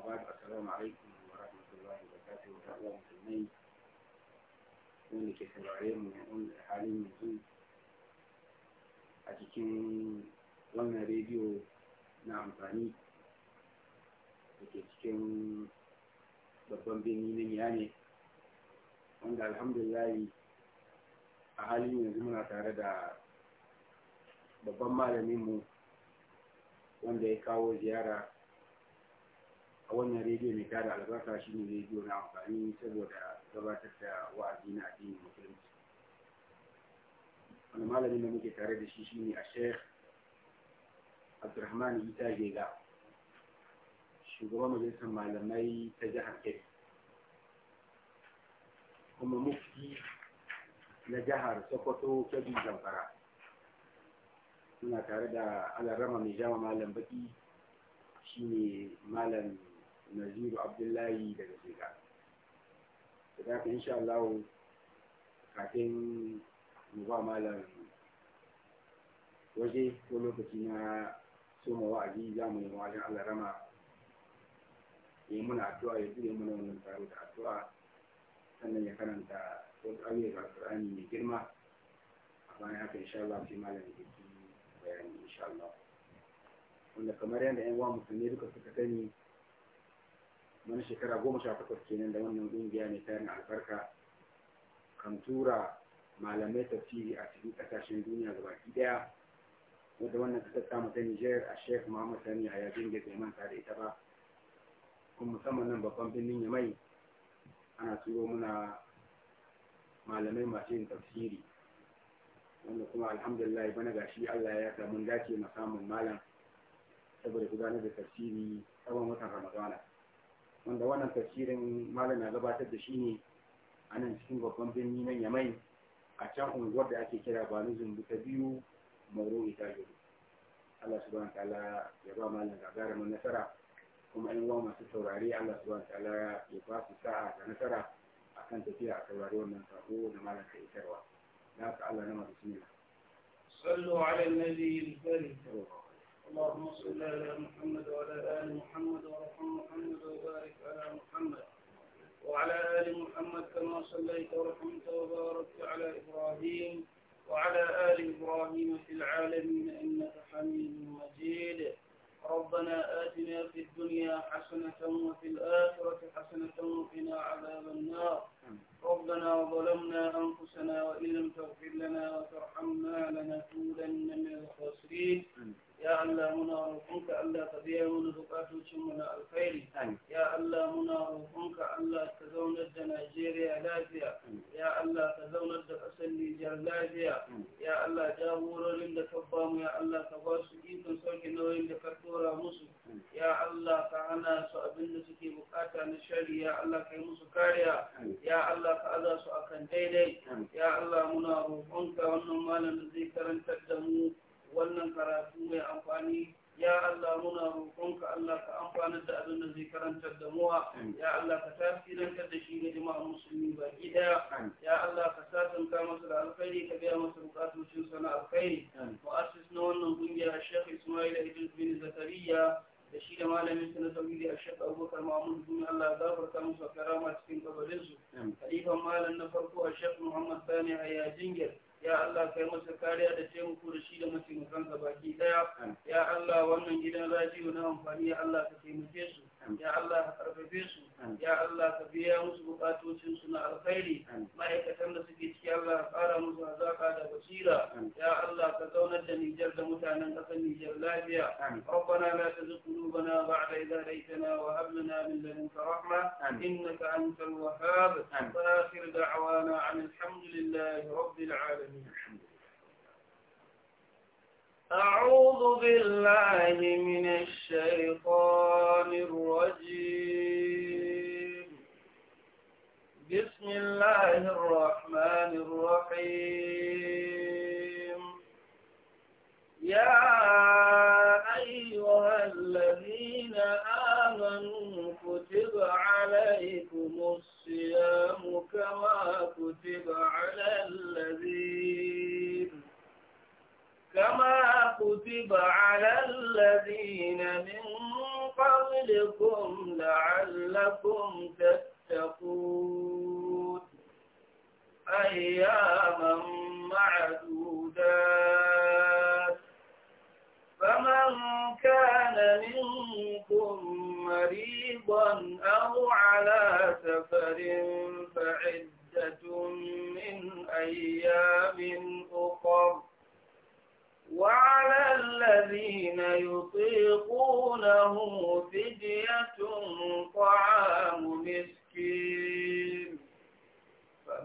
amma ba da assalamu alaikum wa rahmatullahi wa barakatuhu ta uwa musulmai wanda ke saurare mu wanda halin yanzu a cikin wannan rediyo na amfani da ke cikin babban birni na miyane wanda alhamdulillahi a hali yanzu muna tare da babban malaminmu wanda ya kawo ziyara a wannan rediyo mai tada albarka shi ne rediyo na amfani saboda gabatar da wa'azi na addinin musulunci wani malamin da muke tare da shi shine a sheikh abdurrahman isa gega shugaban majalisar malamai ta jihar kebbi kuma mufti na jihar sokoto kebbi zamfara muna tare da alarrama mai jama malam baki shine malam naziru abdullahi daga shekara da haka insha Allah kafin mu ba malam waje ko lokaci na soma wa'azi za mu yi wajen Allah rama ya yi muna addu'a ya bude muna wannan taro da addu'a sannan ya karanta wasu abubuwa da Qur'ani mai girma a bayan haka insha Allah sai malam da yi bayani insha Allah wanda kamar yadda 'yan uwa musulmi duka suka sani wani shekara goma sha takwas kenan da wannan ƙungiya mai tarin albarka kan tura malamai tafsiri a cikin ƙasashen duniya gaba ɗaya wadda wannan ƙasar ta ta Nijar a Sheikh Muhammad Sani a yajin da bai manta da ita ba kuma musamman nan babban birnin Yamai ana turo muna malamai masu yin tafsiri wanda kuma alhamdulillah bana gashi Allah ya sa mun dace na samun malam saboda gudanar da tafsiri tsawon watan Ramadana wanda wannan tafsirin malam ya gabatar da shi ne a nan cikin babban birni na yamai a can unguwar da ake kira banu zumbu ta biyu mauro itajo Allah subhanahu ta'ala ya ba malam gagarumin nasara kuma in wa masu saurare Allah subhanahu ta'ala ya ba su sa'a da nasara a kan tafiya a saurari wannan sako da malam ka isarwa na ka Allah na masu sunna صلوا على النبي الكريم اللهم صل على محمد وعلى آل محمد وارحم محمد وبارك على محمد وعلى آل محمد كما صليت ورحمت وباركت على إبراهيم وعلى آل إبراهيم في العالمين إنك حميد مجيد ربنا آتنا في الدنيا حسنة وفي الآخرة حسنة وقنا عذاب النار ربنا ظلمنا أنفسنا وإن لم تغفر لنا وترحمنا لنكونن من الخاسرين ya Allah muna roƙonka Allah ka biya mana bukatocin mu na alkhairi ya Allah muna roƙonka Allah ka zaunar da Najeriya lafiya ya Allah ka zaunar da ƙasar Nijar lafiya ya Allah jagororin da ka ba mu ya Allah ka ba su ikon sauke nauyin da ka tora musu ya Allah ka hana su abin da suke buƙata na shari ya Allah ka yi musu kariya ya Allah ka aza su akan daidai ya Allah muna roƙonka wannan malam da zai karantar da mu wannan karatu mai amfani ya Allah muna roƙonka Allah ka amfana da abin da zai karantar da muwa ya Allah ka tasirantar da shi ga jama'an musulmi baki daya ya Allah ka satanka masa da alkhairi ka biya masa bukatocin sana alkhairi mu'assis na wannan kungiya Sheikh Ismail Idris bin Zakariya da shi da malamin sa na tauhidi a shek abubakar mahmud bin allah gafarta musu karama cikin kabarinsu halifan malam na farko a shek muhammad sani a yajin ya Allah kai masa kariya da taimako da shi da mataimakan baki daya ya Allah wannan gidan radiyo na amfani ya Allah ka taimake su يا الله ربيسو يا الله كبيا وسبقات وسنا الخيري ما يتكلم نسيت يا الله قال قارا قال دبصيرا يا الله كذونا جني جرد متانا كني جلابيا ربنا لا تزغ قلوبنا بعد إذا ليتنا وهب لنا من لدنك رحمة إنك أنت الوهاب وآخر دعوانا عن الحمد لله رب العالمين أعوذ بالله من الشيطان الله الرحمن الرحيم يا أيها الذين آمنوا كتب عليكم الصيام كما كتب على الذين كما كتب على الذين من قبلكم لعلكم تتقون أياما معدودات فمن كان منكم مريضا أو على سفر فعدة من أيام أخر وعلى الذين يطيقونه فدية طعام مسكين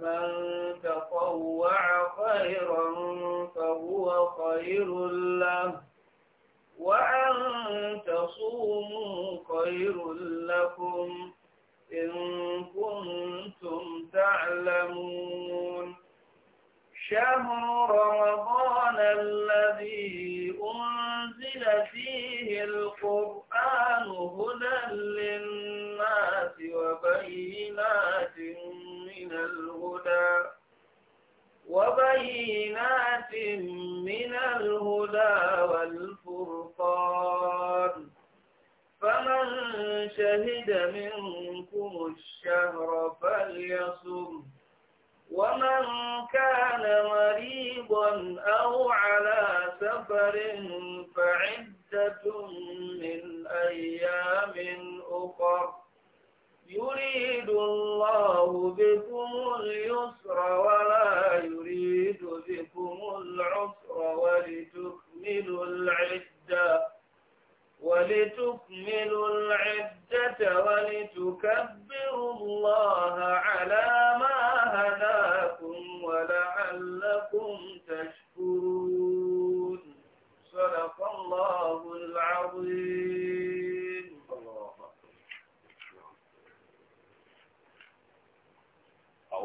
فمن تطوع خيرا فهو خير له وأن تصوموا خير لكم إن كنتم تعلمون شهر رمضان الذي أنزل فيه القرآن هدى للناس وبينات من وبينات من الهدى والفرقان فمن شهد منكم الشهر فليصم ومن كان مريضا أو على سفر فعدة من أيام أخر يريد الله بكم اليسر ولا يريد بكم العسر ولتكملوا العدة ولتكملوا العدة ولتكبروا الله على ما هداكم ولعلكم تشكرون صدق الله العظيم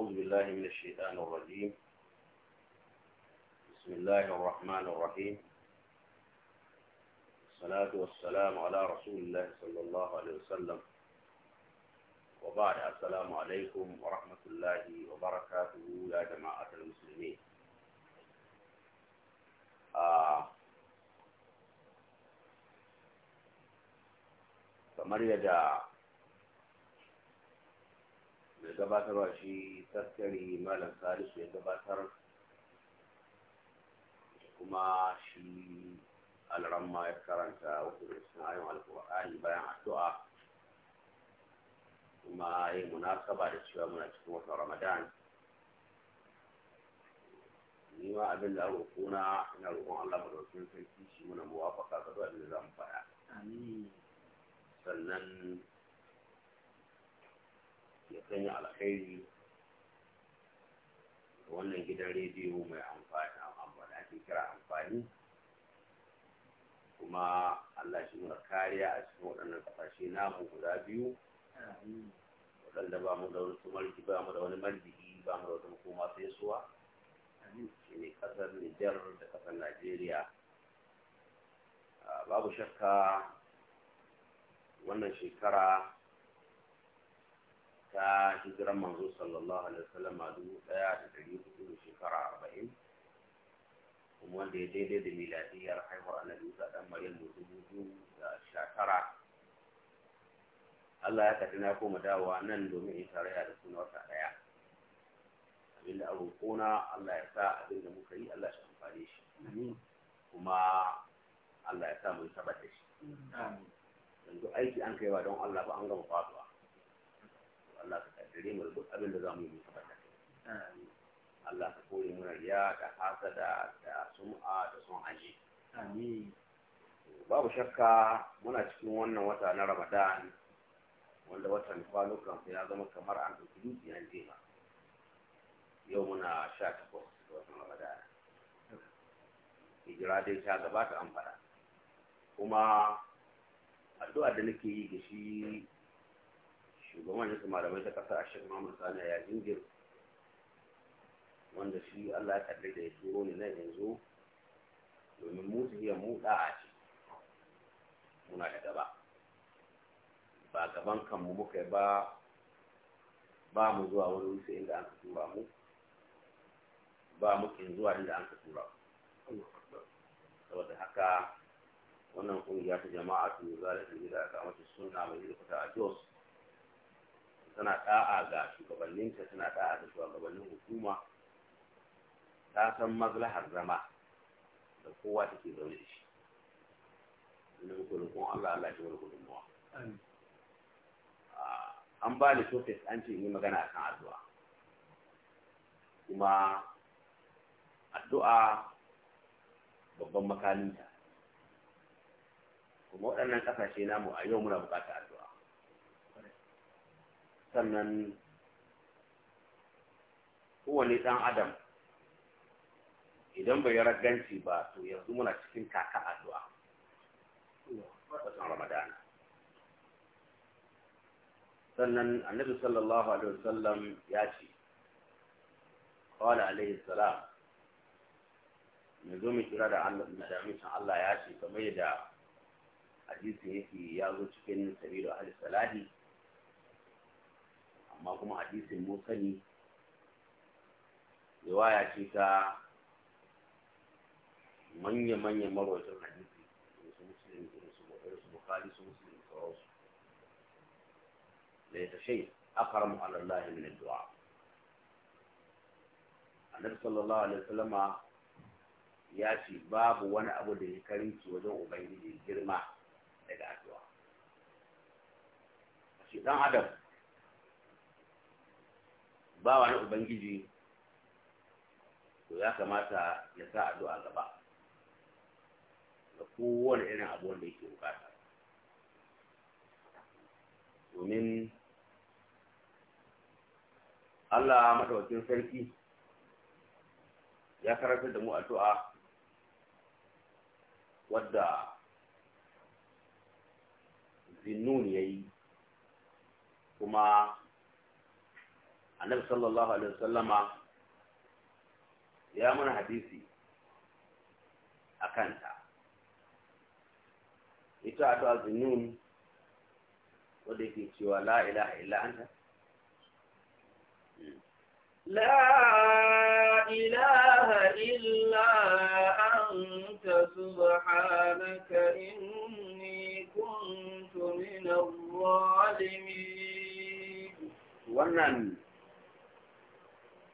أعوذ بالله من الشيطان الرجيم بسم الله الرحمن الرحيم الصلاة والسلام على رسول الله صلى الله عليه وسلم وبعد السلام عليكم ورحمة الله وبركاته يا جماعة المسلمين آه. kamar da gabatarwa shi tattari malam salisu ya gabatar kuma shi alramma ya karanta wasu da sun ayon alkur'ani bayan addu'a kuma yi munasaba da cewa muna cikin watan ramadan ni ma abin da aka kuna ina roƙon Allah madaukakin sarki shi muna muwafaka ga duk da za mu faɗa sannan ya sanya alkhairi wannan gidan rediyo mai amfani amfani ake kira amfani kuma Allah shi nuna kariya a cikin waɗannan ƙasashe namu guda biyu waɗanda ba mu da wani mulki ba mu da wani mulki ba mu da wani makoma sai suwa shi ne ƙasar Nijar da ƙasar Najeriya babu shakka wannan shekara ta hijiran manzo sallallahu alaihi wasallam a dubu daya da dari hudu da shekara arba'in kuma wanda ya daidai da miladiyar haihuwar annabi isa dan maryam dubu biyu da sha tara Allah ya tafi na koma dawowa nan domin in tarayya da suna wata daya abinda a roƙona Allah ya sa abinda muka yi Allah ya amfane shi kuma Allah ya sa mu tabbata shi yanzu aiki an kaiwa don Allah ba an gama faɗuwa Allah ka kaddare mu duk abin da za mu yi mu tabbata Allah ka kore mana riya da hasada da sum'a da son aji amin babu shakka muna cikin wannan wata na Ramadan wanda watan kwanukan ya zama kamar an ɗauki dukiya an jema yau muna sha takwas da watan Ramadan hijira dai ta gabata an fara kuma addu'a da nake yi da shi shugaban yasa malamai ta kasa ashirin mamman sana ya jingir wanda shi allah ya kalli da ya turo ne na yanzu domin musu iya muɗa a ce muna da gaba ba gaban kanmu muka ba ba mu zuwa wani wuce inda an ka tura mu ba mukin zuwa inda an ka tura mu saboda haka wannan kungiya ta jama'a tun zalifin gida ga mace suna mai hidda a jos tana da'a ga shugabanninta tana da'a da shugabannin hukuma ta san maslahar zama da kowa take zaune da shi ina muku rukun Allah Allah shi wani gudunmuwa an ba ni topic an ce yi magana a kan addu'a kuma addu'a babban makalinta kuma waɗannan ƙasashe namu a yau muna buƙatar addu'a sannan kowane ɗan adam idan bai yi ragganci ba to yanzu muna cikin kaka addu'a wasan ramadana sannan annabi sallallahu alaihi wasallam ya ce kawai alaihi salam mai zo mai kira da amincin Allah ya ce kamar da hadisi yake ya zo cikin sabiru ahli salahi amma kuma hadisin mun sani riwaya ce ta manya-manyan marwacin hadisi su musulun irin su bukari su bukari su musulun sauransu da ya tashe akaramu alallahi min addu'a annabi sallallahu alaihi wasallama ya ce babu wani abu da ya karinci wajen ubangiji girma daga addu'a shi dan adam bawa na ubangiji to ya kamata ya sa addu'a gaba da kowane irin abu wanda yake bukata domin Allah madawakin sarki ya karanta da mu addu'a wadda zinnun ya yi kuma النبي صلى الله عليه وسلم يا من حديثي أكانتا إتعاد الزنون وديك سوى لا إله إلا أنت لا إله إلا أنت سبحانك إني كنت من الظالمين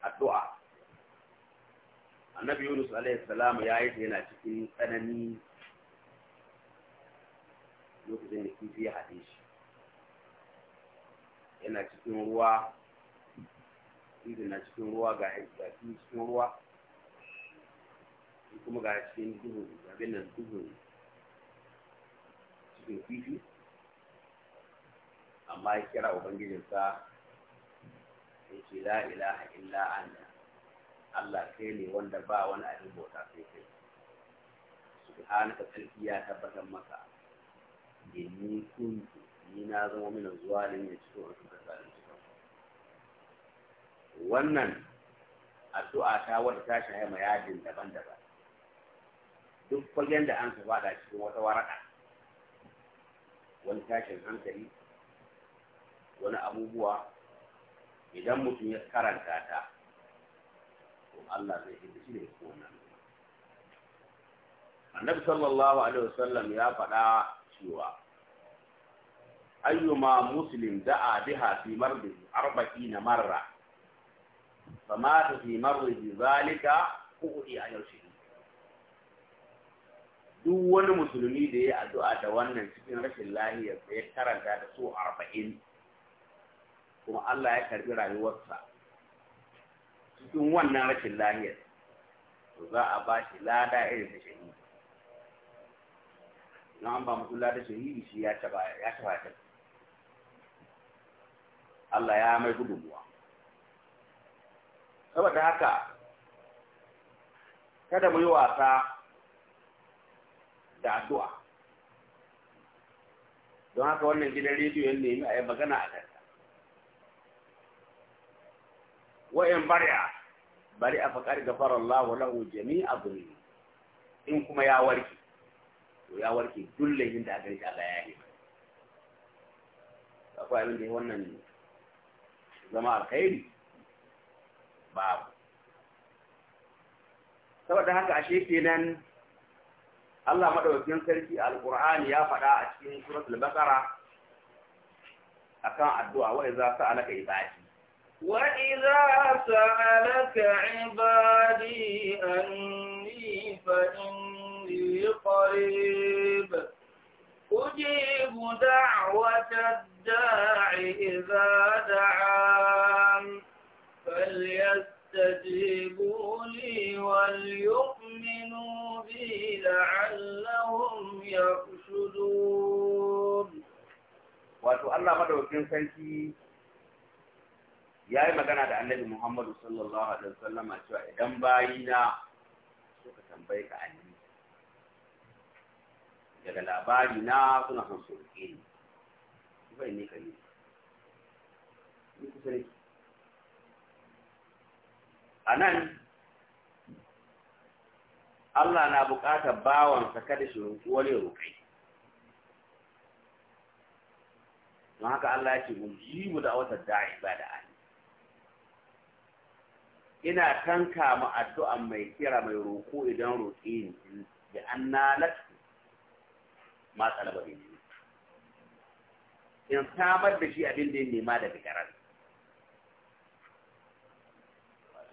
addu'a annabi yunus alaihi salam ya yi yana cikin tsanani lokacin da kifi ya haɗe shi yana cikin ruwa kifi na cikin ruwa ga cikin ruwa kuma ga cikin duhu, abin nan duhu cikin kifi amma ya kira ubangijinsa sai la ilaha illa anta Allah kai ne wanda ba wani abin bauta sai kai subhanaka Sarki ya tabbatar maka inni kun ni na zama mina zuwa ne mai cikin tsarin wannan addu'a ta wata ta shahaya ma yadin daban-daban duk fagen da an faɗa cikin wata waraka wani tashin hankali wani abubuwa idan mutum ya karanta ta to Allah zai hidda shi daga nan. annabi sallallahu alaihi wasallam ya faɗa cewa ayyuma muslim da'a biha fi mardihi na marra famata fi mardihi zalika uqi a shi. duk wani musulmi da ya addu'a da wannan cikin rashin lahiyar, ya karanta da su arba'in kuma Allah ya karbi rayuwarsa cikin wannan rashin lahiyar to za a ba shi lada irin ta shahidi don an ba mutu lada shahidi shi ya taba ya taba ta Allah ya mai gudunmuwa saboda haka kada mu yi wasa da addu'a don haka wannan gidan rediyon ne a yi magana a kanta wa'in bari'a bari'a faƙar gafar Allah lahu jami'a zulmi in kuma ya warke to ya warke dullahin da aka Allah ya yi akwai abin da ya wannan zama alkhairi babu saboda haka ashe kenan Allah madaukakin sarki alqur'ani ya faɗa a cikin suratul baqara akan addu'a wa idza sa'alaka ibadi وإذا سألك عبادي أني فإني قريب أجيب دعوة الداع إذا دعان فليستجيبوا لي وليؤمنوا بي لعلهم يرشدون. وأتو الله مدعو ya yi magana da annabi muhammadu sallallahu alaihi wasallama cewa idan bayina suka tambaye ka annabi daga labari na suna son su rike ni bai ne kare ni kusa a nan Allah na buƙatar bawansa kada shi roƙi wani roƙi don haka Allah ya ce mu yi mu da wata da'i ba da ai ina tanka ma addu'an mai kira mai roko idan roƙe ni da annalat ma talaba ne in samar da shi abin da ya nema daga garar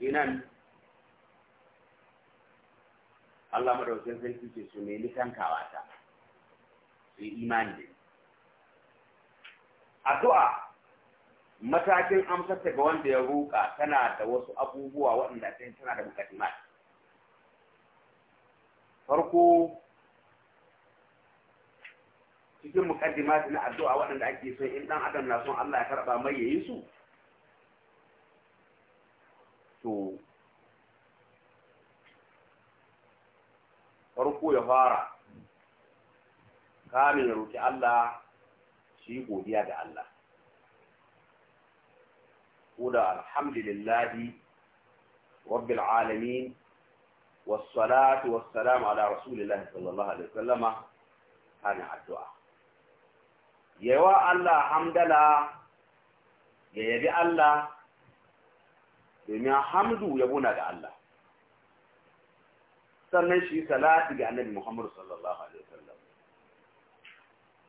inan Allah madaukakin sarki ce su nemi tankawa ta su yi imani da addu'a matakin amsarta ga wanda ya roƙa tana da wasu abubuwa waɗanda ta tana da mukaddima farko cikin mukaddima na addu'a waɗanda ake so in dan adam na son Allah ya karba mai yayi su to farko ya fara kamin ya roki Allah shi godiya ga Allah قول الحمد لله رب العالمين والصلاة والسلام على رسول الله صلى الله عليه وسلم أنا الدعاء يوا الله حمد لا يبي الله بما حمد يبونا الله sannan shi salati ga annabi Muhammad sallallahu alaihi wasallam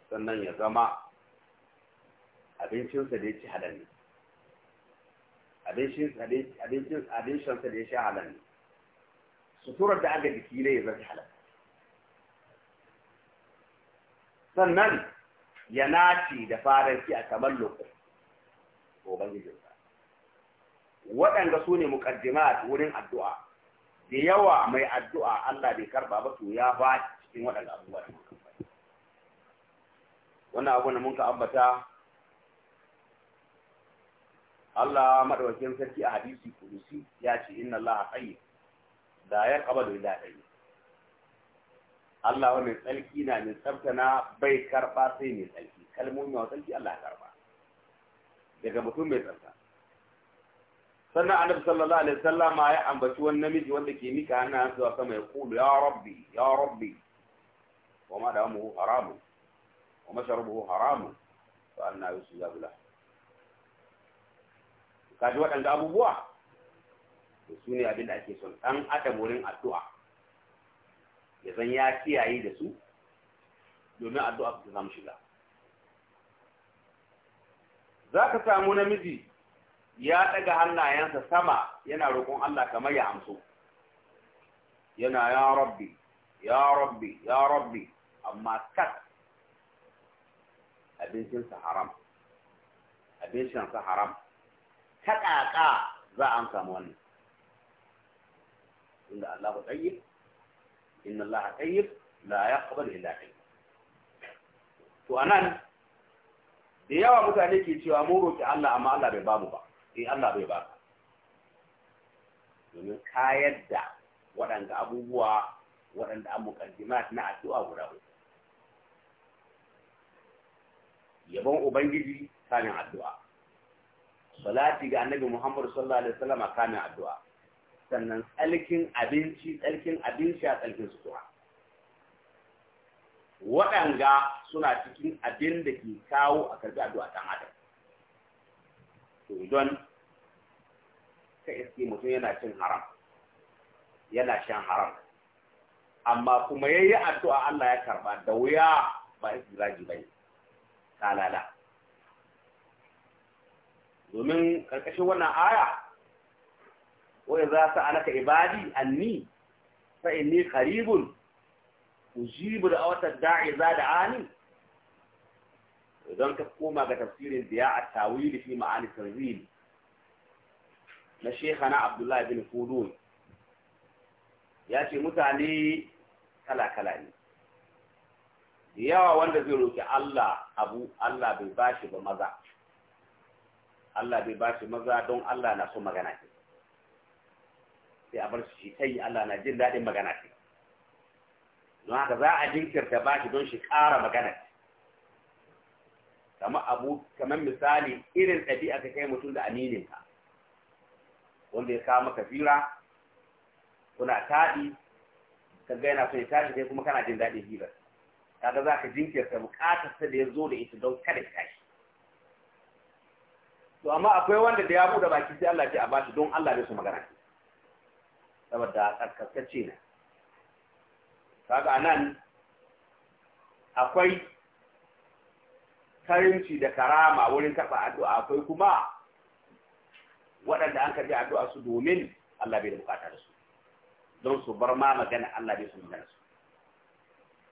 sannan ya zama abincinsa da ya ci halal ne abincinsa da ya sha halal ne suturar da aka jiki ne ya zarta halal sannan ya naci da faranci a kamar lokacin ubangijinsa waɗanda su ne mukaddimat wurin addu'a da yawa mai addu'a Allah bai karba ba to ya ba cikin waɗanda abubuwa da muka wannan abu da mun ka ambata Allah madawakin sarki a hadisi kudusi ya ce inna Allah hayy da ya da ila hayy Allah wani tsarki na mai tsabtana bai karba sai mai tsarki kalmomi wa tsarki Allah ya karba daga mutum mai tsarka sannan annabi sallallahu alaihi wasallam ya ambaci wani namiji wanda ke mika hannayen zuwa sama ya kulu ya rabbi ya rabbi wa ma da haramun wa masharbuhu haramun fa anna yusujabu lahu Ka ji waɗanda abubuwa su ne abin da ake son ɗan adam wurin addu'a ya zan ya kiyaye da su domin addu'a ta samu shiga za ka samu namiji ya ɗaga hannayensa sama yana roƙon Allah kamar ya amso yana ya rabbi ya rabbi ya rabbi amma kat abincinsa haram abincinsa haram ta ƙaƙa za a amsa wannan inda Allah tayyib inna Allaha tayyib la da illa tayyib to a nan, da yawa mutane ke cewa mu roki Allah amma Allah bai bamu ba eh Allah bai ba domin kayar da waɗanda abubuwa waɗanda an muqaddimat na addu'a guda uku yabon ubangiji kanin addu'a salati ga annabi Muhammadu sallallahu alaihi wasallam kamin addu'a sannan tsalkin abinci tsalkin abinci a tsalkin sutura waɗanga suna cikin abin da ke kawo a karbi addu'a ɗan adam to don ka iske mutum yana cin haram yana shan haram amma kuma yayi addu'a Allah ya karba da wuya ba istidraji bai kalala domin karkashin wannan aya wai za su alaka ibadi anni fa inni qaribun ujibu da awatar da'i za da ani idan ka koma ga tafsirin biya a tawili fi ma'ani na shekana abdullahi bin fudun ya ce mutane kala-kala ne yawa wanda zai roki Allah abu Allah bai bashi ba maza Allah bai ba shi maza don Allah na so magana ce sai a bar su shi kai Allah na jin daɗin magana ce don haka za a jinkirta ba shi don shi ƙara magana kamar abu kamar misali irin ɗabi'a ka kai mutum da aminin ka, wanda ya kawo maka fira kuna taɗi ka ga yana so ya tashi kai kuma kana jin daɗin hirar kaga za ka jinkirta bukatar ta da ya zo da ita don kada ya tashi to amma akwai wanda da ya bude baki sai Allah ya a bashi don Allah bai su magana saboda karkaskace ne kaga anan akwai karinci da karama wurin karɓa addu'a akwai kuma waɗanda an karɓi addu'a su domin Allah bai da bukata da su don su bar ma magana Allah bai su magana su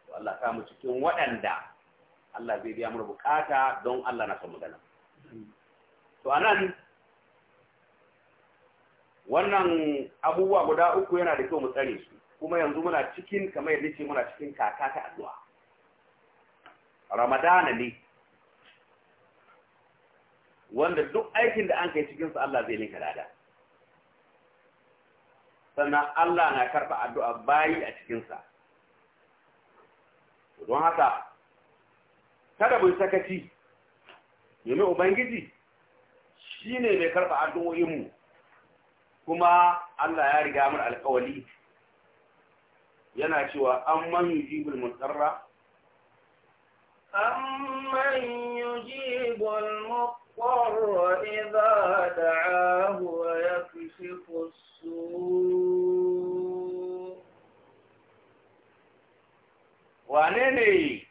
to Allah samu cikin waɗanda Allah bai biya mu bukata don Allah na son magana to anan wannan abubuwa guda uku yana da kyau mu tsare su kuma yanzu muna cikin kamar yadda ce muna cikin kaka ta addu'a ramadana ne wanda duk aikin da an kai cikin sa Allah zai ninka dada sannan Allah na karɓa addu'a bayi a cikinsa. don haka kada mu sakaci domin ubangiji shi ne mai karɓa addu'o'inmu kuma Allah ya riga mun alƙawali yana cewa an man yujibul mutarra amman yujibul mutarra idza da'ahu wa yakshifu fi su wane ne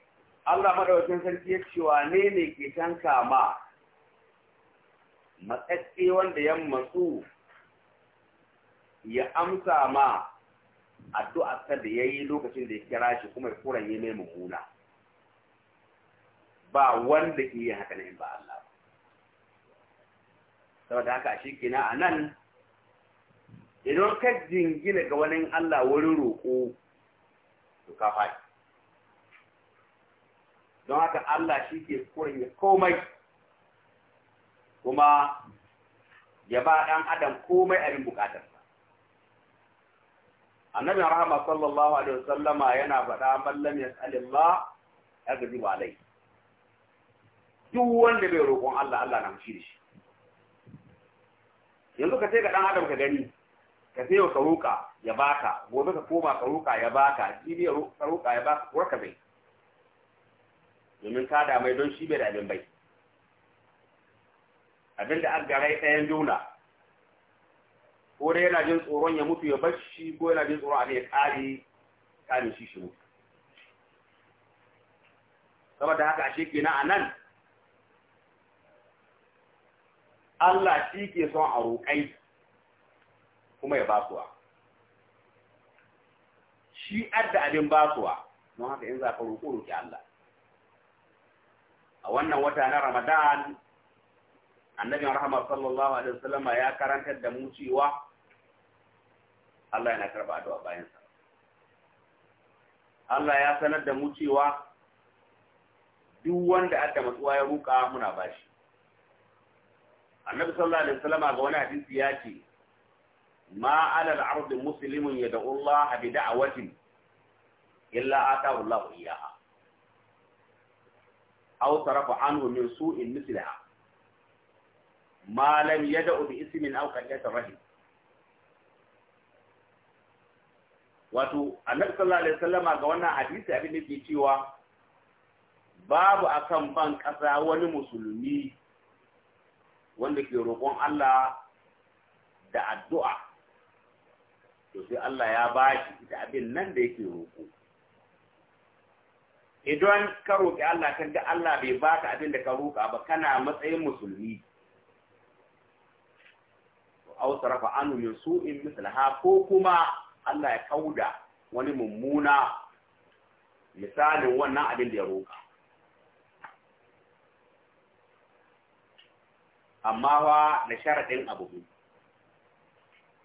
Allah madaukakin sarki ya ce wane ne ke tanka ma matsatsi wanda ya matsu ya amsa ma addu'a ta da yi lokacin da ya kira shi kuma ya kuranye mai mummuna ba wanda ke yi haka in ba Allah saboda haka shi kina a nan idan ka jingina ga wani Allah wurin roƙo to ka don haka Allah shi ke kuranye komai kuma ya ba ɗan adam komai abin bukatarsa annabi rahama sallallahu alaihi wasallama yana faɗa man lam yas'alillah yaghdibu alai duk wanda bai roƙon Allah Allah na mushi da shi yanzu ka sai ga ɗan adam ka gani ka sai ka roƙa ya baka gobe ka koma ka roƙa ya baka jibi ka roƙa ya baka ka bai domin ka da mai don shi bai da abin bai Abin da an garai ɗayan jula ko dai yana jin tsoron ya mutu ya bashi ko yana jin tsoron abin ya kare kare shi shi mutu saboda haka ashe kenan a nan Allah shi ke son a roƙai kuma ya basuwa shi adda abin basuwa don haka in za ka roƙo roƙi Allah a wannan wata na Ramadan annabi rahama sallallahu alaihi wasallam ya karantar da mu cewa Allah yana karba addu'a bayan sa Allah ya sanar da mu cewa duk wanda aka matsuwa ya ruka muna bashi annabi sallallahu alaihi wasallam ga wani hadisi ya ce ma al-ard muslimun yad'u Allah bi da'watin illa atahu Allah iyyaha aw tarafa anhu min su'in misliha malam ya da'u bi ismin aw qallata rahim wato صلى الله عليه وسلم ga wannan hadisi abin da yake cewa babu akan ban kasa wani musulmi wanda ke roƙon Allah da addu'a to sai Allah ya shi da abin nan da yake roƙo idan ka roƙi Allah kan Allah bai baka abin da ka roƙa ba kana matsayin musulmi aw sarafa anu min su'in mislaha ko kuma Allah ya kauda wani mummuna misalin wannan abin da ya roka amma wa da sharadin abu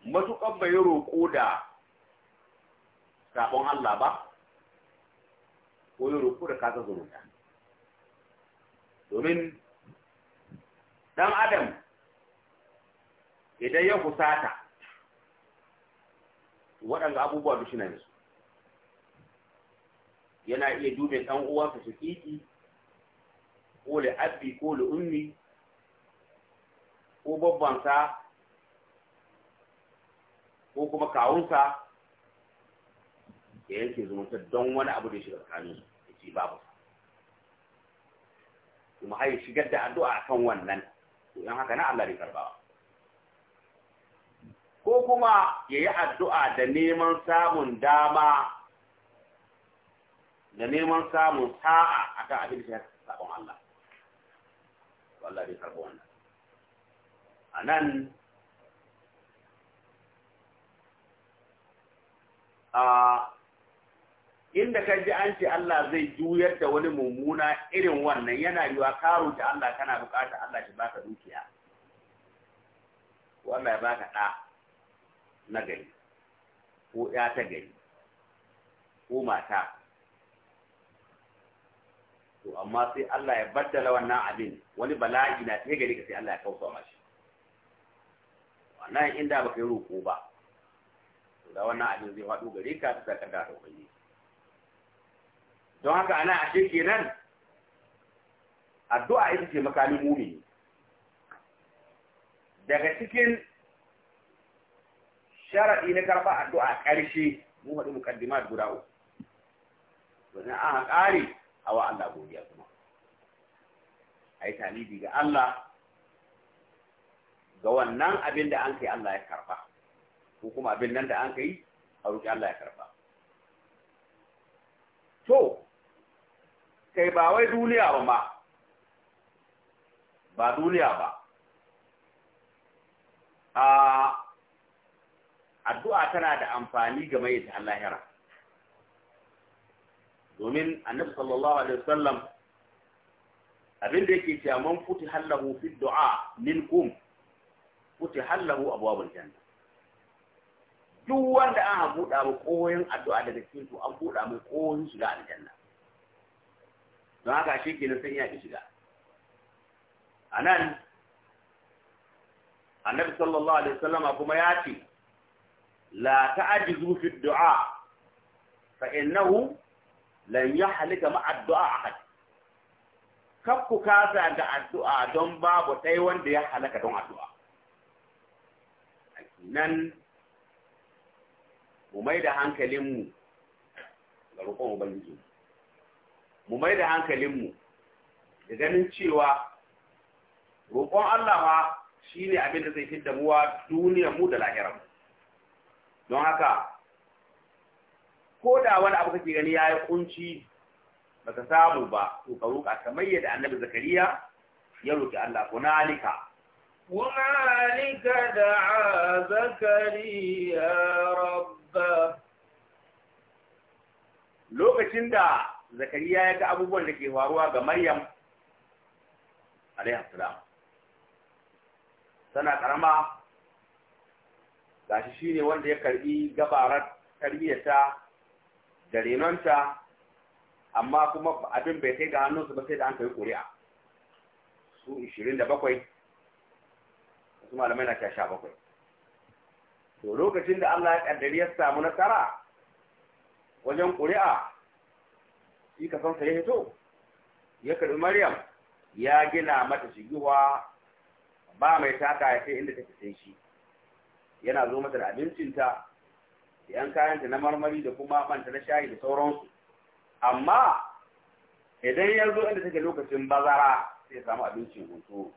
matuƙar bai roko da sabon Allah ba ko ya roƙo da kasa zumunta domin dan adam idan ya fusata, waɗanda abubuwa duk suna su yana iya dube ɗan uwansa su kiki ko da abbi ko da ummi ko babbansa ko kuma kawunsa ya yanke zumunta don wani abu da ya shiga tsakanin su ya ce babu kuma har shigar da addu'a akan wannan to in haka na Allah ne karbawa ko kuma ya yi addu'a da neman samun dama da neman samun sa'a a kan abin da ya sabon Allah. Allah bai karɓi wannan. A nan, inda ka ji an ce Allah zai juyar da wani mummuna irin wannan yana yiwa karo ta Allah kana bukata Allah shi baka dukiya. wallahi ya baka ɗa. na gari ko ya ta gari ko mata to amma sai Allah ya baddala wannan abin wani bala'i na ta gari ka sai Allah ya kausa mashi wannan inda baka yi roƙo ba to da wannan abin zai faɗo gare ka ta ka da ne, don haka ana ashe kenan addu'a ita ce makamin mumini daga cikin sharaɗi na karɓa addu'a ƙarshe mu haɗu mukaddimat guda uku domin an ƙare hawa Allah godiya kuma a yi talibi ga Allah ga wannan abin da an kai Allah ya karɓa ko kuma abin nan da an kai a roƙi Allah ya karɓa to kai ba wai duniya ba ma ba duniya ba a ah, addu'a tana da amfani ga mai ta lahira domin annabi sallallahu alaihi wasallam abin da yake cewa man futi hallahu fi du'a minkum futi hallahu abwabul janna duk wanda an buɗa mu koyon addu'a daga cikin su an buɗa mu koyon shiga aljanna don haka shi ke nan sai ki shiga anan annabi sallallahu alaihi wasallam kuma ya ce la ta'ajizu fi du'a fa innahu lan yahlika ma'a du'a ahad kakku kasa da addu'a don babu ɗaya wanda ya halaka don addu'a nan mu mai da hankalinmu ga roƙon ubangiji mu mai da hankalinmu da ganin cewa roƙon Allah ma shine abinda zai fi damuwa duniyar mu da lahirar don haka ko da wani abu kake gani yayi kunci ba ka samu ba to ka roƙa kamar yadda annabi zakariya ya roƙi Allah kunalika kunalika da'a zakariya rabba lokacin da zakariya ya ga abubuwan da ke faruwa ga maryam alaihi tana karama gashi shine wanda ya karbi gabarar tarbiyyata da renonta amma kuma abin bai kai ga hannunsu ba sai da an kai kuri'a su 27 wasu malamai na sha 17 to lokacin da Allah ya kaddari ya samu nasara wajen kuri'a shi ka san sai hito ya karbi Maryam ya gina mata shigiwa ba mai taka ya inda take sai shi yana zo mata da abincinta da yan kayanta na marmari da kuma manta na shayi da sauransu amma idan ya zo inda take lokacin bazara sai samu abincin hunturu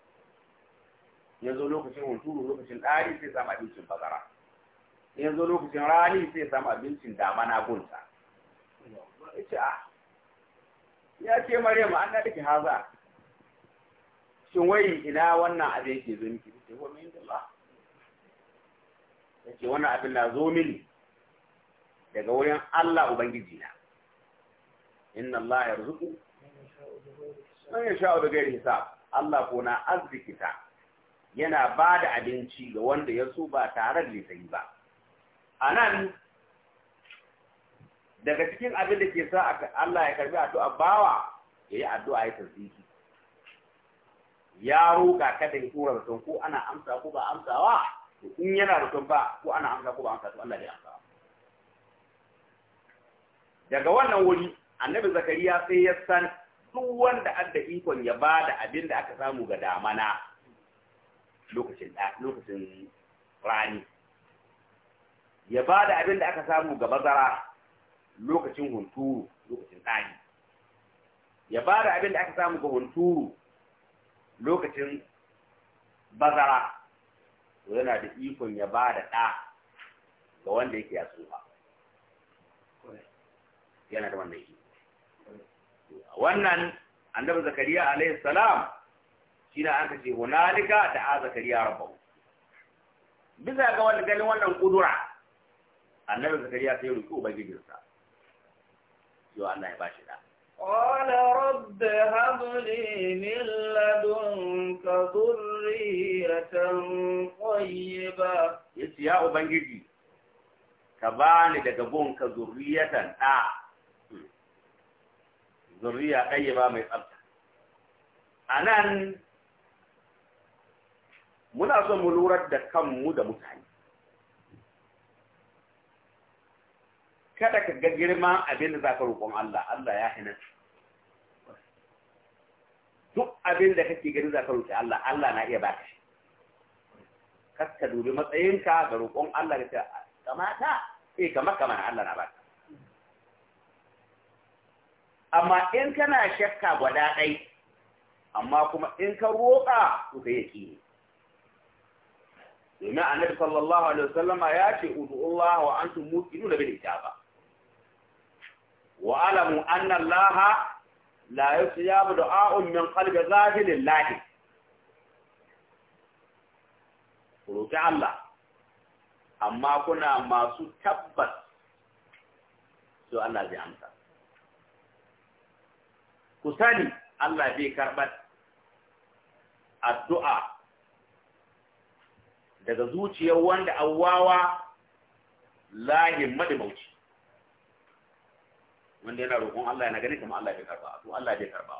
ya zo lokacin hunturu lokacin ɗari sai samu abincin bazara ya zo lokacin rani sai samu abincin damana gunta ah, ya ce maryam an da haza shin wai ina wannan abin ke zo miki ce ko min da ce wani abin na zo mini daga wurin Allah Ubangiji na inna Allah ya rizuku man ya sha'u da gairi hisab Allah ko na arzikita yana ba da abinci ga wanda ya so ba tare da lisani ba a nan daga cikin abin da ke sa Allah ya karbi addu'a bawa ya yi addu'a ya tarziki ya roƙa kada ya tura ko ana amsa ko ba amsawa in yana da ba ko ana amsa ko ba amsa to Allah ya amsa daga wannan wuri annabi zakariya sai ya san duk wanda adda ikon ya bada abin da aka samu ga damana lokacin lokacin rani ya bada abin da aka samu ga bazara lokacin hunturu lokacin tsari ya bada abin da aka samu ga hunturu lokacin bazara to yana da ikon ya ba da ɗa ga wanda yake ya tsufa yana da wannan iko wannan annabi zakariya alaihi salam shi na aka ce hunalika da a zakariya rabbahu bisa ga wani ganin wannan kudura annabi zakariya sai ya roki ubangijinsa yau Allah ya ba shi da قال رب هب لي من لدنك ذرية طيبة يسي يا أبنجي دقبونك ذرية آه ذرية طيبة من أبتا anan muna son mu lura da kanmu da mutane kada ka ga girman abin da za ka roƙon Allah Allah ya hina duk abin da kake gani za ka roƙi Allah Allah na iya baka shi kar ka dubi matsayinka ga roƙon Allah ka ce kamata eh kamar kamar Allah na baka amma in kana shakka gwada ɗai amma kuma in ka roƙa to ka yi ƙi domin annabi sallallahu alaihi wasallama ya ce Allah wa antum muqinuna bil ijaba wa alamu anna Allah la yusiyabu du'a'un min qalbi zahilin lahi roki Allah amma kuna masu tabbas to Allah zai amsa ku sani Allah bai karɓar addu'a daga zuciyar wanda awawa lahin madimauci wanda yana roƙon Allah yana gani kuma Allah bai karba to Allah bai karba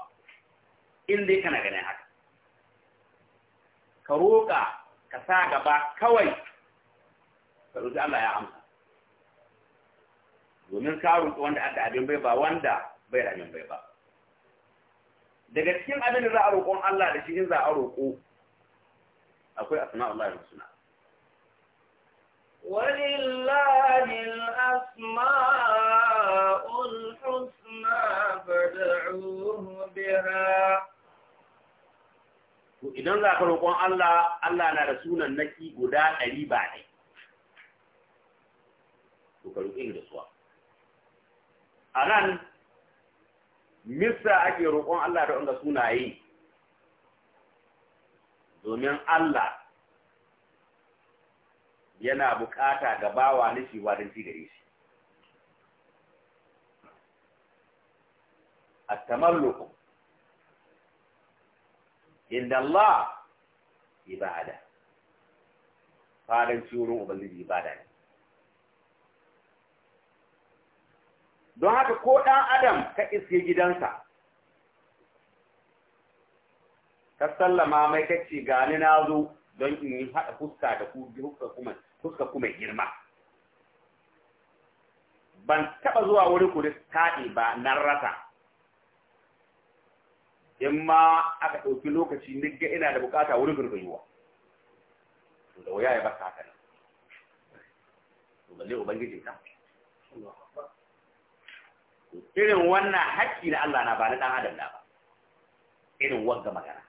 in dai kana ganin haka ka roƙa ka sa gaba kawai ka roƙi Allah ya amsa domin ka roƙi wanda aka abin bai ba wanda bai da abin bai ba daga cikin abin da za a roƙon Allah da shi in za a roƙo akwai ya husna ولله الأسماء fad'uhu biha to idan za ka roƙon Allah Allah na da sunan naki guda ɗari ba ɗai to ka roƙe da suwa a nan misa ake roƙon Allah da wanda sunaye domin Allah yana bukata ga bawa nufi wa don ci gare shi التملك عند الله ibada farin wurin ubangiji ibada ne don haka ko ɗan adam ka iske gidansa ka sallama mai kacce gani na zo don in yi haɗa fuska da fuska kuma girma ban taɓa zuwa wuri kuri taɗi ba nan rasa in ma aka ɗauki lokaci nigga ina da bukata wurin gurgurwa to da waya ya baka haka nan to balle ubangiji ka irin wannan haƙƙi na Allah na ba na ɗan adam na ba irin wanga magana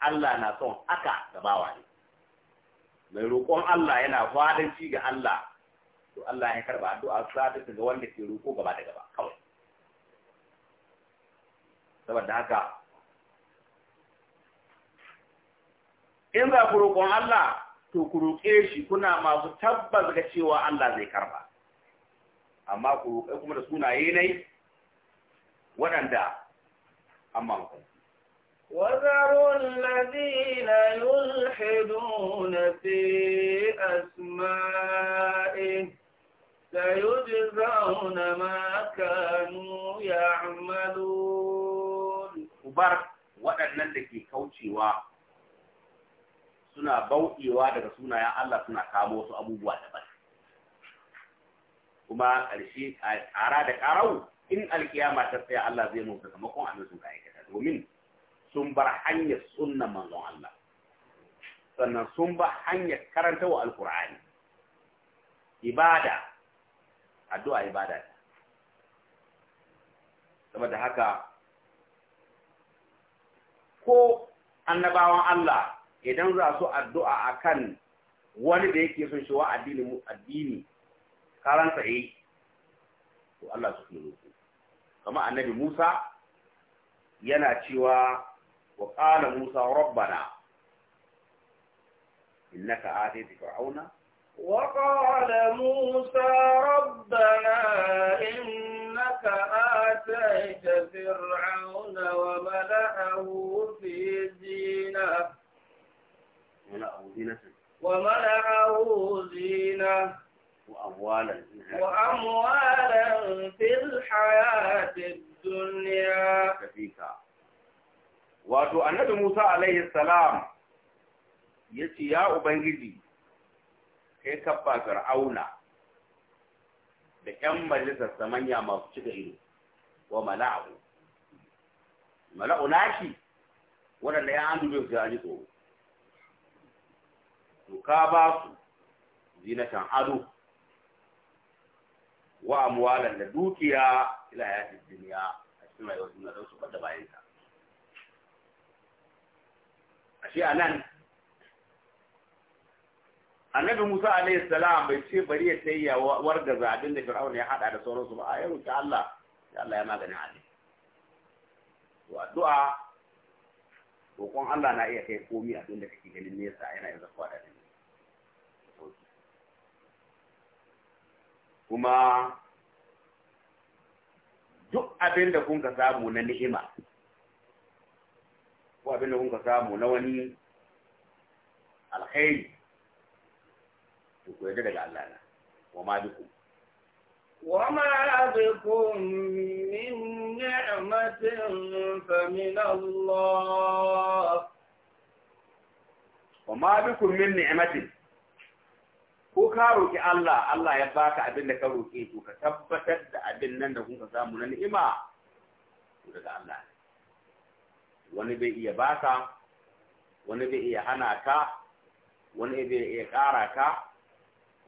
Allah na son haka da bawa ne mai roƙon Allah yana fadanci ga Allah to Allah ya karba addu'a sa ga wanda ke roƙo gaba da gaba kawai saboda haka in za ku roƙon Allah to ku roƙe shi kuna masu tabbas ga cewa Allah zai karba amma ku roƙe kuma da sunaye ne waɗanda amma ku kai وذروا الذين يلحدون في أسمائه سيجزون ما كانوا يعملون ku bar waɗannan da ke kaucewa suna bauɗewa daga sunayen Allah suna kamo wasu abubuwa daban kuma ƙarshe a ƙara da ƙarau in alkiyama ta tsaya Allah zai mun sakamakon abin sun aikata domin sun bar hanyar sunan manzon Allah sannan sun bar hanyar karanta wa alkur'ani ibada addu'a ibada ta saboda haka ko annabawan Allah idan za su addu'a akan wani da yake son shi wa addini addini karan tsaye to Allah su fi kama annabi Musa yana cewa wa qala Musa rabbana innaka atayta fir'auna وقال موسى ربنا إن آتيت فرعون وملأه في زينة وملأه زينة وأموالا وأموالا في الحياة الدنيا كثيرة wato annabi Musa alaihi salam ya ce ya Ubangiji kai kabba fir'auna da ƴan majalisar samanya masu cika ido wa mala'u mala'u nashi waɗanda ya an dubi su ji tsoro to ka ba su zinatan ado wa amwalan da dukiya ila yatin duniya a cikin rayuwar duniya don su bada bayan ta ashe anan annabi Musa alayhi salam bai ce bari ya tayya wargaza abin da Fir'auna ya hada da sauransu ba a yau ta Allah ya Allah ya magana abin to addu'a roƙon Allah na iya kai komi abin da kake ganin nesa yana yanzu zakuwa da ni kuma duk abin da kun ka samu na ni'ima ko abin da kun ka samu na wani alkhairi to ku yarda daga Allah na wa ma bikum wa ma bikum min ni'matin fa min Allah wa ma bikum min ni'matin ko ka roki Allah Allah ya baka abin da ka roke to ka tabbatar da abin nan da kun ka samu na ni'ima daga Allah wani bai iya baka wani bai iya hana ka wani bai iya ƙara ka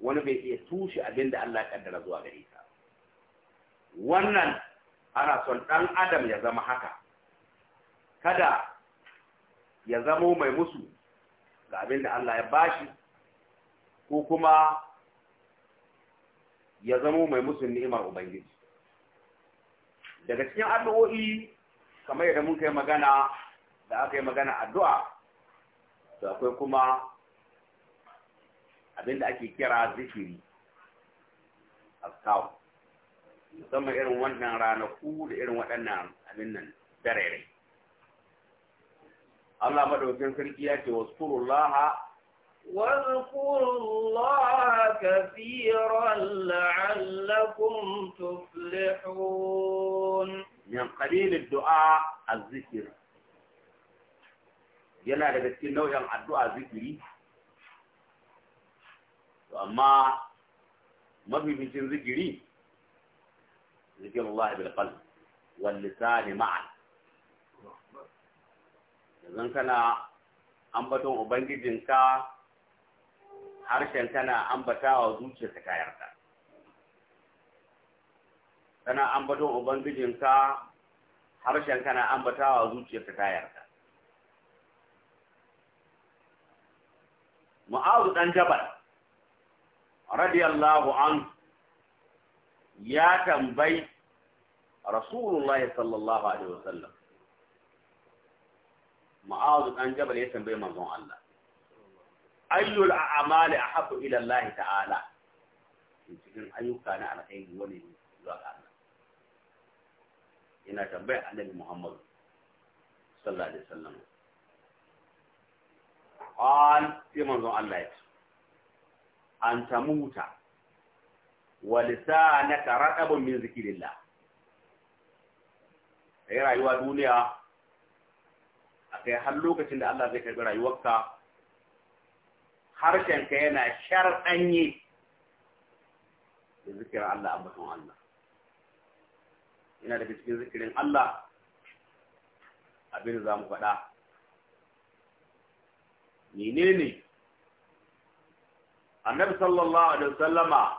wani bai iya tushe abin da Allah ya kaddara zuwa gare Isa. wannan ana son dan adam ya zama haka kada ya zamo mai musu ga abin da Allah ya bashi ko kuma ya zamo mai musu ni'imar ubangiji daga cikin addu'o'i kamar yadda mun kai magana da aka yi magana addu'a da akwai kuma abinda ake kira zikiri azkaw musamman irin wannan ranaku da irin waɗannan abin nan darere Allah madaukakin sarki ya ce waskurullaha واذكروا الله كثيرا لعلكم تفلحون من قليل الدعاء الذكر yana daga cikin nau'in addu'a zikiri to amma mafificin zikiri zikirin Allah bil qalb wal lisan ma'a yanzu kana ambaton ubangijinka harshen kana ambatawa zuciyarka ta yarda kana ambaton ubangijinka harshen kana ambatawa zuciyarka ta yarda mu'azu dan jabal radiyallahu an ya tambayi rasulullah sallallahu alaihi wasallam ma'azu dan jabal ya tambayi manzon Allah ayyul a'mali ahabbu ila Allah ta'ala cikin ayyuka na alkhairi wani zuwa ga Allah ina tambayar annabi Muhammad sallallahu alaihi wasallam qal sai manzon Allah ya ce an tamuta na lisanaka ratabun min zikrillah yi rayuwa duniya akai har lokacin da Allah zai karbi rayuwarka harshen ka yana sharɗanye da zikirin Allah ambaton Allah yana daga cikin zikirin Allah abin za mu faɗa menene annabi sallallahu alaihi wasallama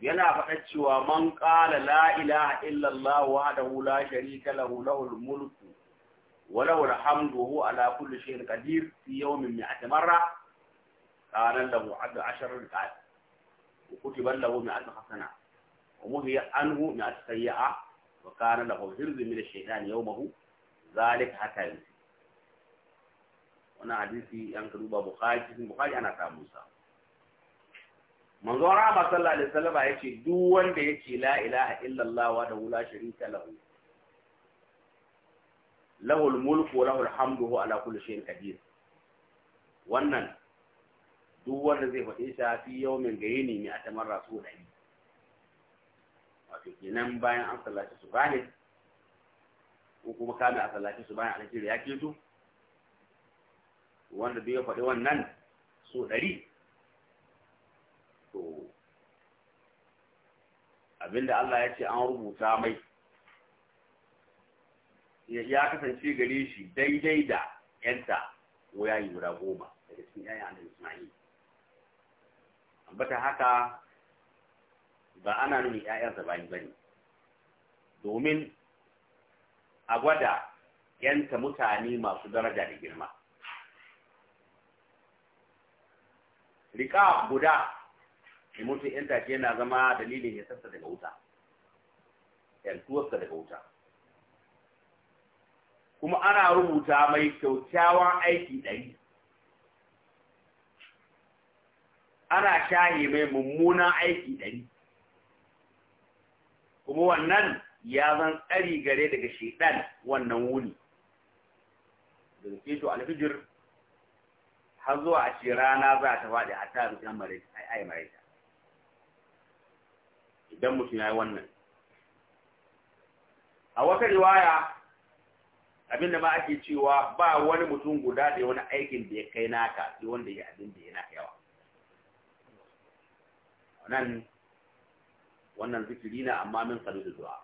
yana faɗa cewa man qala la ilaha illa allah wahdahu la sharika lahu lahul mulku wa lahul hamdu huwa ala kulli shay'in qadir fi yawmin mi'ata marra qala lahu 10 qad kutiba lahu mi'atu hasana wa muhiya anhu mi'atu sayyi'a wa kana lahu hirzun min ash-shaytan yawmahu zalika hatta yusi wannan hadisi an ka duba bukhari cikin bukhari ana samun sa manzo rahama sallallahu alaihi wasallam yace duk wanda yace la ilaha illallah wa da la sharika lahu lahu mulku wa lahu alhamdu wa ala kulli shay'in qadir wannan duk wanda zai faɗi shi fi yawmin gayini ne a tamar rasul dai wato kenan bayan an sallaci bane? ko kuma kana a sallaci bayan alheri ya keto wanda bai faɗi wannan so ɗari to abinda Allah ya ce an rubuta mai ya kasance gare shi daidai da yanta yi guda goma daga cikin yayin annabi Isma'il ambata haka ba ana nuni yayansa ba ni bane domin a gwada yanta mutane masu daraja da girma riƙa guda Mutum yan take yana zama dalilin ya sassa daga wuta yantuwarsa daga wuta kuma ana rubuta mai kyaukyawan aiki ɗari ana shahi mai mummunan aiki ɗari kuma wannan ya zan tsari gare daga shaidan wannan wuni daga keto alfijir har zuwa a ce rana za ta faɗi a hatta a cikin maraita idan mutum ya yi wannan a wata riwaya abinda ma ake cewa ba wani mutum guda da wani aikin da ya kai naka sai wanda ya abin da yana yawa wannan wannan zikiri na amma min salu da zuwa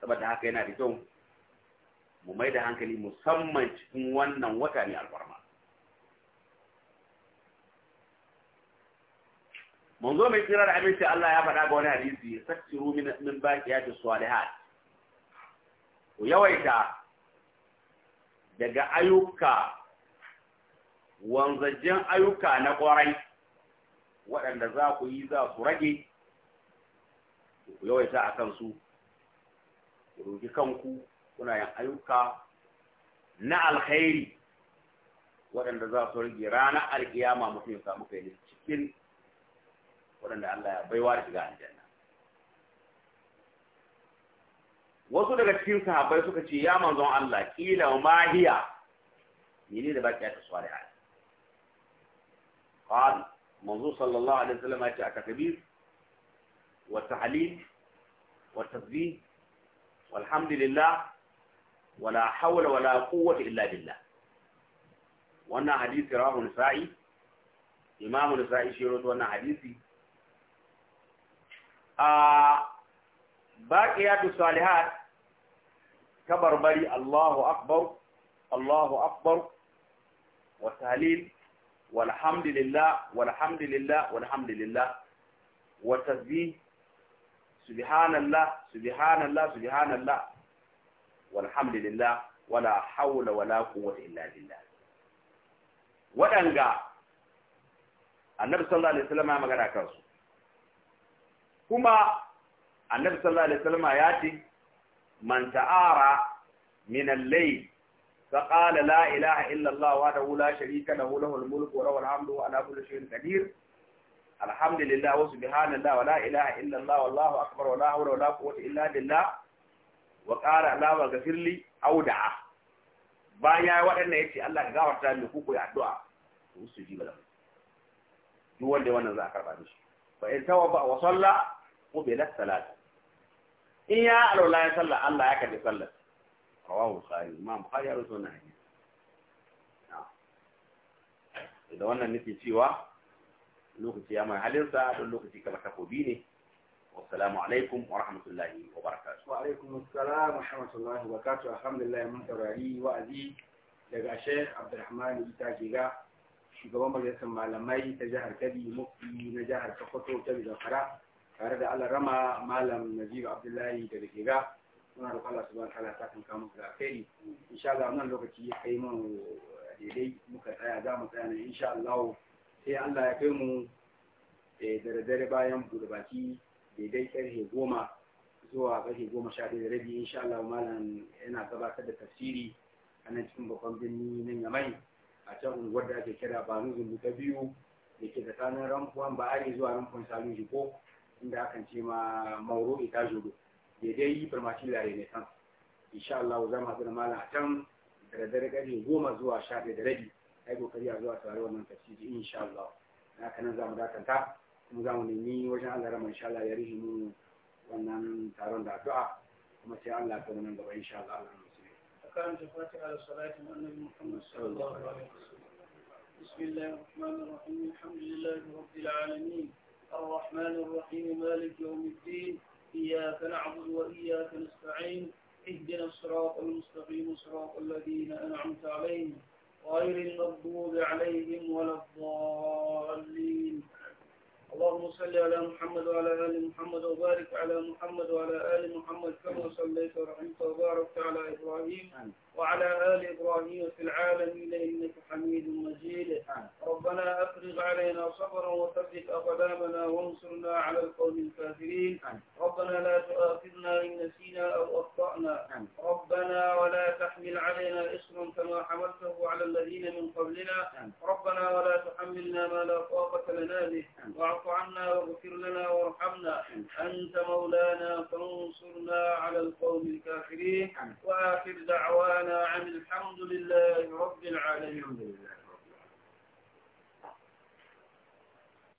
saboda haka yana da kyau mu mai da hankali musamman cikin wannan wata ne alfarma manzo mai tsira da abinci Allah ya faɗa ga wani hadisi saksiru min min baqiyati salihat ku yawaita daga ayyuka wanzajjen ayyuka na ƙwarai waɗanda za ku yi za su rage ku yawaita a kansu ku roki kanku kuna yin ayyuka na alkhairi waɗanda za su rage ranar alkiyama mutum ya samu kai cikin ولن الله بيوارش غان جنة وصول لك تيم صحابة يسوك يا من دون الله كيلا وما هي يني دبا كيات الصالحة قال منظور صلى الله عليه وسلم أتي أكتبير والتحليل والتزويد والحمد لله ولا حول ولا قوة إلا بالله وانا حديث رواه نسائي إمام نسائي شيروت وانا حديثي a baƙiyatu salihat kabarbari Allahu akbar Allahu akbar wa talil walhamdulillah walhamdulillah walhamdulillah wa tasbih subhanallah subhanallah subhanallah walhamdulillah wala hawla wala quwwata illa billah wadanga annabi sallallahu alaihi wasallam ya magana kansu kuma annabi sallallahu alaihi wasallam ya ce man ta'ara min al-layl fa qala la ilaha illa allah wa la ala kulli shay'in alhamdulillah wa subhanallah wa la illa allah wallahu akbar wa la illa billah wa qala la wa ghafirli aw da'a baya wadanne yace allah ka gafarta mi ku koyi addu'a to su ji bala duk wanda wannan za a karba mishi in tawaba wa sallah qubilat salat in ya alwala ya sallah Allah ya kalli sallar rawahu bukhari imam bukhari ya rawaito na hadisi da wannan nake cewa lokaci ya mai halinsa don lokaci kamar takobi ne wassalamu alaikum wa rahmatullahi wa barakatuh wa alaikum assalam wa rahmatullahi wa barakatuh alhamdulillah mun saurari wa'azi daga Sheikh Abdulrahman Isa shugaban majalisar malamai ta jihar Kebbi mufti na jihar Sokoto ta Zamfara tare da Allah rama malam Naziru Abdullahi da dake ga muna da Allah subhanahu ta'ala ta kan kamu da insha Allah wannan lokaci ya kai mu daidai muka tsaya za mu tsaya ne insha Allah sai Allah ya kai mu eh, da dare bayan buɗe baki daidai karfe goma zuwa karfe goma sha ɗaya da rabi insha Allah malam yana gabatar da tafsiri a nan cikin babban birni nan mai, a can unguwar da ake kira Banu Zumbu ta biyu da ke tsakanin ramfuwan Ba'ari zuwa ramfuwan Salu ko inda akan ce ma mauro ita jodo ya dai yi farmaci da renaissance insha Allah za mu haɗu da malam a can da dare ƙarfe goma zuwa sha ɗaya da rabi ai kokari a zuwa tare wannan tafsiri insha Allah na kanan za mu dakanta kuma za mu nemi wajen Allah rama insha Allah ya rihi mu wannan taron da addu'a kuma sai Allah ta nan gaba insha Allah Allah musulmi akan fati ala salati annabi Muhammad sallallahu alaihi wasallam بسم الله الرحمن الرحيم الحمد لله الرحمن الرحيم مالك يوم الدين إياك نعبد وإياك نستعين اهدنا الصراط المستقيم صراط الذين أنعمت عليهم غير المغضوب عليهم ولا الضالين اللهم صل على محمد وعلى آل محمد وبارك على محمد وعلى آل محمد كما صليت ورحمت وباركت على إبراهيم وعلى آل إبراهيم في العالمين إنك حميد مجيد ربنا أفرغ علينا صبرا وثبت أقدامنا وانصرنا على القوم الكافرين ربنا لا تؤاخذنا إن نسينا أو أخطأنا ربنا ولا تحمل علينا إصرا كما حملته على الذين من قبلنا ربنا ولا تحملنا ما لا طاقة لنا به واعف عنا واغفر لنا وارحمنا أنت مولانا فانصرنا على القوم الكافرين وآخر دعوانا ربنا عن الحمد لله رب العالمين